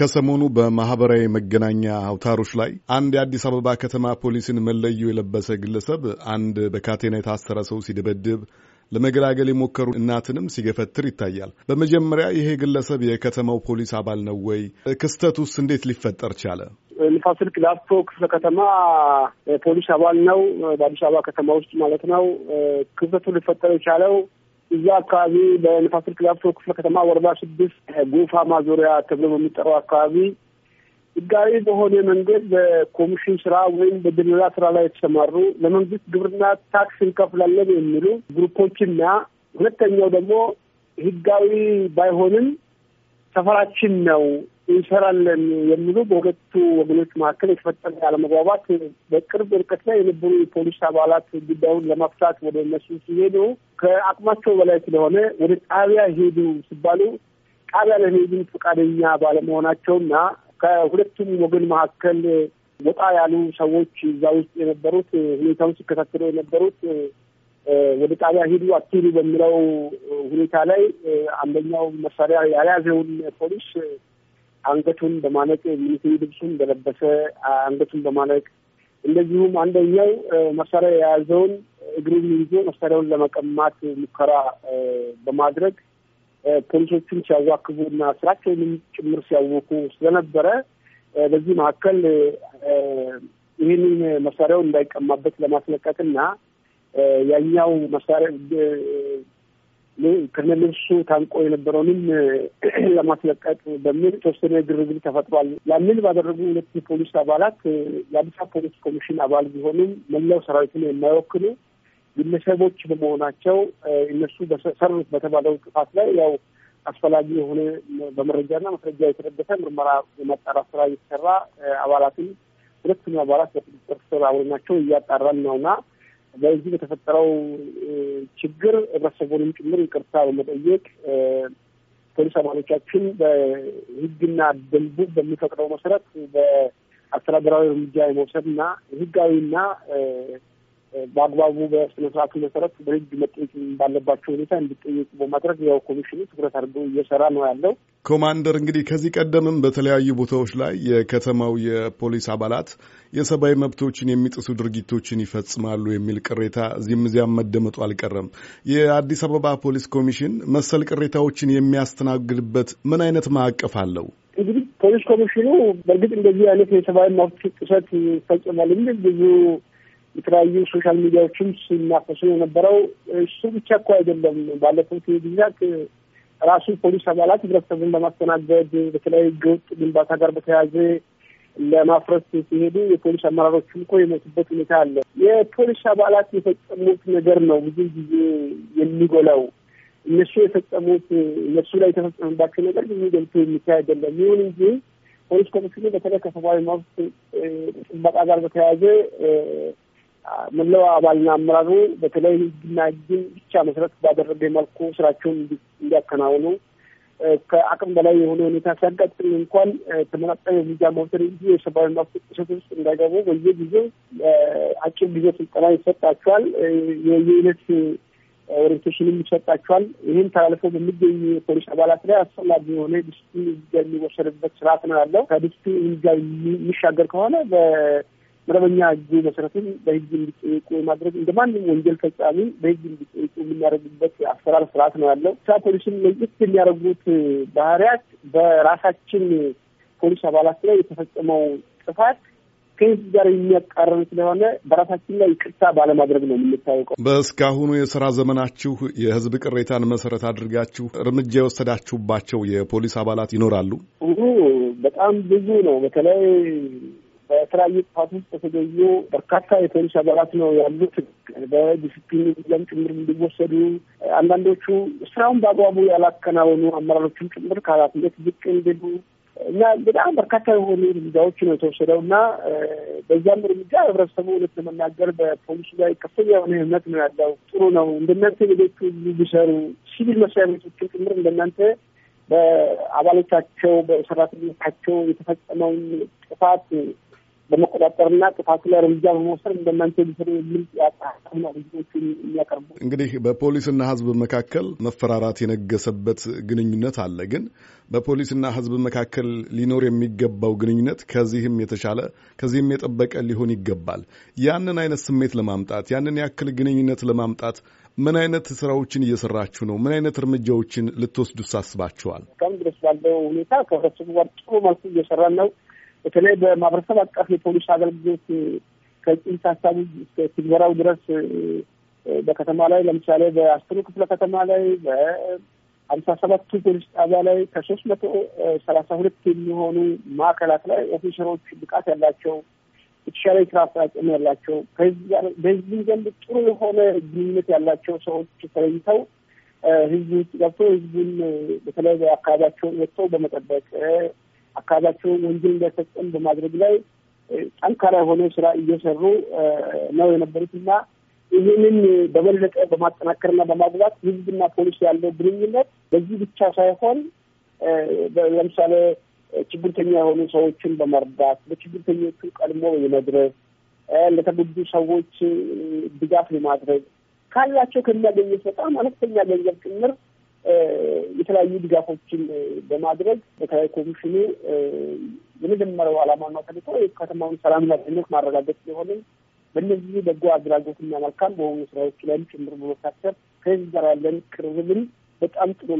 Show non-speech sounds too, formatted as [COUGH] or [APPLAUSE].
ከሰሞኑ በማህበራዊ መገናኛ አውታሮች ላይ አንድ የአዲስ አበባ ከተማ ፖሊስን መለዩ የለበሰ ግለሰብ አንድ በካቴና የታሰረ ሰው ሲደበድብ ለመገላገል የሞከሩ እናትንም ሲገፈትር ይታያል። በመጀመሪያ ይሄ ግለሰብ የከተማው ፖሊስ አባል ነው ወይ? ክስተት ውስጥ እንዴት ሊፈጠር ቻለ? ንፋስልክ ላፍቶ ክፍለ ከተማ ፖሊስ አባል ነው፣ በአዲስ አበባ ከተማ ውስጥ ማለት ነው። ክስተቱ ሊፈጠር የቻለው እዛ አካባቢ በንፋስ ስልክ ላፍቶ ክፍለ ከተማ ወረዳ ስድስት ጎፋ ማዞሪያ ተብሎ በሚጠራው አካባቢ ህጋዊ በሆነ መንገድ በኮሚሽን ስራ ወይም በድለላ ስራ ላይ የተሰማሩ ለመንግስት ግብርና ታክስ እንከፍላለን የሚሉ ግሩፖችና ሁለተኛው ደግሞ ህጋዊ ባይሆንም ሰፈራችን ነው እንሰራለን የሚሉ በሁለቱ ወገኖች መካከል የተፈጠረ አለመግባባት በቅርብ ርቀት ላይ የነበሩ የፖሊስ አባላት ጉዳዩን ለመፍታት ወደ እነሱ ሲሄዱ ከአቅማቸው በላይ ስለሆነ ወደ ጣቢያ ሄዱ ሲባሉ ጣቢያ ለመሄድ ፈቃደኛ እና ከሁለቱም ወገን መካከል ወጣ ያሉ ሰዎች እዛ ውስጥ የነበሩት ሁኔታውን ሲከታተሉ የነበሩት ወደ ጣቢያ ሂዱ አትሂዱ በሚለው ሁኔታ ላይ አንደኛው መሳሪያ ያልያዘውን ፖሊስ አንገቱን በማለቅ ሚኒቴ ልብሱን በለበሰ አንገቱን በማለቅ እንደዚሁም አንደኛው መሳሪያ የያዘውን እግሩን ይዞ መሳሪያውን ለመቀማት ሙከራ በማድረግ ፖሊሶቹን ሲያዋክቡ እና ስራቸውንም ጭምር ሲያወቁ ስለነበረ በዚህ መካከል ይህንን መሳሪያውን እንዳይቀማበት ለማስለቀቅና ያኛው መሳሪያ ከነ ታንቆ የነበረውንም [CLEARS THROAT] ለማስለቀቅ በሚል የተወሰነ ግርግር ተፈጥሯል። ያንን ባደረጉ ሁለት የፖሊስ አባላት የአዲስ አበባ ፖሊስ ኮሚሽን አባል ቢሆንም መላው ሰራዊትን የማይወክሉ ግለሰቦች በመሆናቸው እነሱ በሰሩት በተባለው ጥፋት ላይ ያው አስፈላጊ የሆነ በመረጃና ማስረጃ የተደገፈ ምርመራ የማጣራት ስራ እየተሰራ አባላትን ሁለቱም አባላት በቁጥጥር ስር አውለናቸው እያጣራን ነውና በዚህ በተፈጠረው ችግር ህብረተሰቡንም ጭምር ይቅርታ በመጠየቅ ፖሊስ አባሎቻችን በህግና ደንቡ በሚፈቅደው መሰረት በአስተዳደራዊ እርምጃ የመውሰድና ህጋዊና በአግባቡ በስነስርዓቱ መሰረት በህግ መጠየቅ ባለባቸው ሁኔታ እንዲጠየቁ በማድረግ ያው ኮሚሽኑ ትኩረት አድርገው እየሰራ ነው ያለው። ኮማንደር እንግዲህ ከዚህ ቀደምም በተለያዩ ቦታዎች ላይ የከተማው የፖሊስ አባላት የሰብአዊ መብቶችን የሚጥሱ ድርጊቶችን ይፈጽማሉ የሚል ቅሬታ እዚህም እዚያም መደመጡ አልቀረም። የአዲስ አበባ ፖሊስ ኮሚሽን መሰል ቅሬታዎችን የሚያስተናግድበት ምን አይነት ማዕቀፍ አለው? እንግዲህ ፖሊስ ኮሚሽኑ በእርግጥ እንደዚህ አይነት የሰብአዊ መብት ጥሰት ይፈጽማል የሚል ብዙ የተለያዩ ሶሻል ሚዲያዎችም ሲናፈሱ የነበረው እሱ ብቻ እኮ አይደለም። ባለፉት ጊዜያት ራሱ ፖሊስ አባላት ህብረተሰቡን ለማስተናገድ በተለያዩ ህገወጥ ግንባታ ጋር በተያያዘ ለማፍረስ ሲሄዱ የፖሊስ አመራሮች እኮ የሞቱበት ሁኔታ አለ። የፖሊስ አባላት የፈጸሙት ነገር ነው ብዙ ጊዜ የሚጎላው። እነሱ የፈጸሙት እነሱ ላይ የተፈጸመባቸው ነገር ብዙ ገልቶ የሚታይ አይደለም። ይሁን እንጂ ፖሊስ ኮሚሽኑ በተለይ ከሰብአዊ መብት ጥበቃ ጋር በተያያዘ መላው አባልና አመራሩ በተለይ ህግና ህግን ብቻ መሰረት ባደረገ መልኩ ስራቸውን እንዲያከናውኑ ከአቅም በላይ የሆነ ሁኔታ ሲያጋጥም እንኳን ተመጣጣኝ እርምጃ መውሰድ እንጂ የሰብአዊ መብት ጥሰት ውስጥ እንዳይገቡ በየጊዜው አጭር ጊዜ ስልጠና ይሰጣቸዋል። የየዕለት ኦሪንቴሽንም ይሰጣቸዋል። ይህን ተላልፎ በሚገኙ የፖሊስ አባላት ላይ አስፈላጊ የሆነ ዲስፕሊን የሚወሰድበት ስርዓት ነው ያለው። ከዲስፕሊን እርምጃ የሚሻገር ከሆነ መደበኛ ሕጉ መሰረትም በህግ እንዲጠየቁ የማድረግ እንደ ማንም ወንጀል ፈጻሚ በህግ እንዲጠየቁ የምናደርግበት አሰራር ስርዓት ነው ያለው። ሳ ፖሊስን ለየት የሚያደርጉት ባህሪያት በራሳችን ፖሊስ አባላት ላይ የተፈጸመው ጥፋት ከህዝብ ጋር የሚያቃረን ስለሆነ በራሳችን ላይ ይቅርታ ባለማድረግ ነው የምንታወቀው። በእስካሁኑ የስራ ዘመናችሁ የህዝብ ቅሬታን መሰረት አድርጋችሁ እርምጃ የወሰዳችሁባቸው የፖሊስ አባላት ይኖራሉ? በጣም ብዙ ነው። በተለይ በተለያዩ ጥፋት ውስጥ የተገኙ በርካታ የፖሊስ አባላት ነው ያሉት። በዲስፕሊን ለም ጭምር እንዲወሰዱ አንዳንዶቹ ስራውን በአግባቡ ያላከናወኑ አመራሮችን ጭምር ከኃላፊነት ዝቅ እንዲሉ እና በጣም በርካታ የሆኑ እርምጃዎች ነው የተወሰደው እና በዛም እርምጃ ህብረተሰቡ እውነት ለመናገር በፖሊሱ ላይ ከፍተኛ የሆነ እምነት ነው ያለው። ጥሩ ነው። እንደናንተ ሌሎቹ ቢሰሩ ሲቪል መስሪያ ቤቶችን ጭምር እንደናንተ በአባሎቻቸው በሰራተኞቻቸው የተፈጸመውን ጥፋት በመቆጣጠርና ጥፋቱ ላይ እርምጃ በመውሰድ እንደማንቸው ሊሰሩ የሚል ያጣና ብዙዎቹን የሚያቀርቡ እንግዲህ በፖሊስና ህዝብ መካከል መፈራራት የነገሰበት ግንኙነት አለ። ግን በፖሊስና ህዝብ መካከል ሊኖር የሚገባው ግንኙነት ከዚህም የተሻለ ከዚህም የጠበቀ ሊሆን ይገባል። ያንን አይነት ስሜት ለማምጣት ያንን ያክል ግንኙነት ለማምጣት ምን አይነት ስራዎችን እየሰራችሁ ነው? ምን አይነት እርምጃዎችን ልትወስዱ ሳስባችኋል? እስካሁን ድረስ ባለው ሁኔታ ከህብረተሰቡ ጋር ጥሩ መልኩ እየሰራን ነው። በተለይ በማህበረሰብ አቀፍ የፖሊስ አገልግሎት ከጭንስ ሀሳቡ እስከ ትግበራው ድረስ በከተማ ላይ ለምሳሌ በአስሩ ክፍለ ከተማ ላይ በሀምሳ ሰባቱ ፖሊስ ጣቢያ ላይ ከሶስት መቶ ሰላሳ ሁለት የሚሆኑ ማዕከላት ላይ ኦፊሰሮች ብቃት ያላቸው የተሻለ ስራ አፈጻጸም ያላቸው በህዝብ ዘንድ ጥሩ የሆነ ግንኙነት ያላቸው ሰዎች ተለይተው ህዝብ ውስጥ ገብቶ ህዝቡን በተለይ አካባቢያቸውን ወጥተው በመጠበቅ አካባቢያቸው ወንጀል እንዳይፈጸም በማድረግ ላይ ጠንካራ የሆነ ስራ እየሰሩ ነው የነበሩት እና ይህንን በበለጠ በማጠናከርና በማግባት ህዝብና ፖሊስ ያለው ግንኙነት በዚህ ብቻ ሳይሆን ለምሳሌ ችግርተኛ የሆኑ ሰዎችን በመርዳት በችግርተኞቹ ቀድሞ የመድረስ ለተጎዱ ሰዎች ድጋፍ የማድረግ ካላቸው ከሚያገኙት በጣም አነስተኛ ገንዘብ ጭምር የተለያዩ ድጋፎችን በማድረግ በተለያዩ ኮሚሽኑ የመጀመሪያው ዓላማና ተልዕኮ የከተማውን ሰላምና ደህንነት ማረጋገጥ ሲሆን በእነዚህ በጎ አድራጎትና መልካም በሆኑ ስራዎች ላይም ጭምር በመሳተፍ ከህዝብ ጋር ያለን ቅርርብን በጣም ጥሩ ነው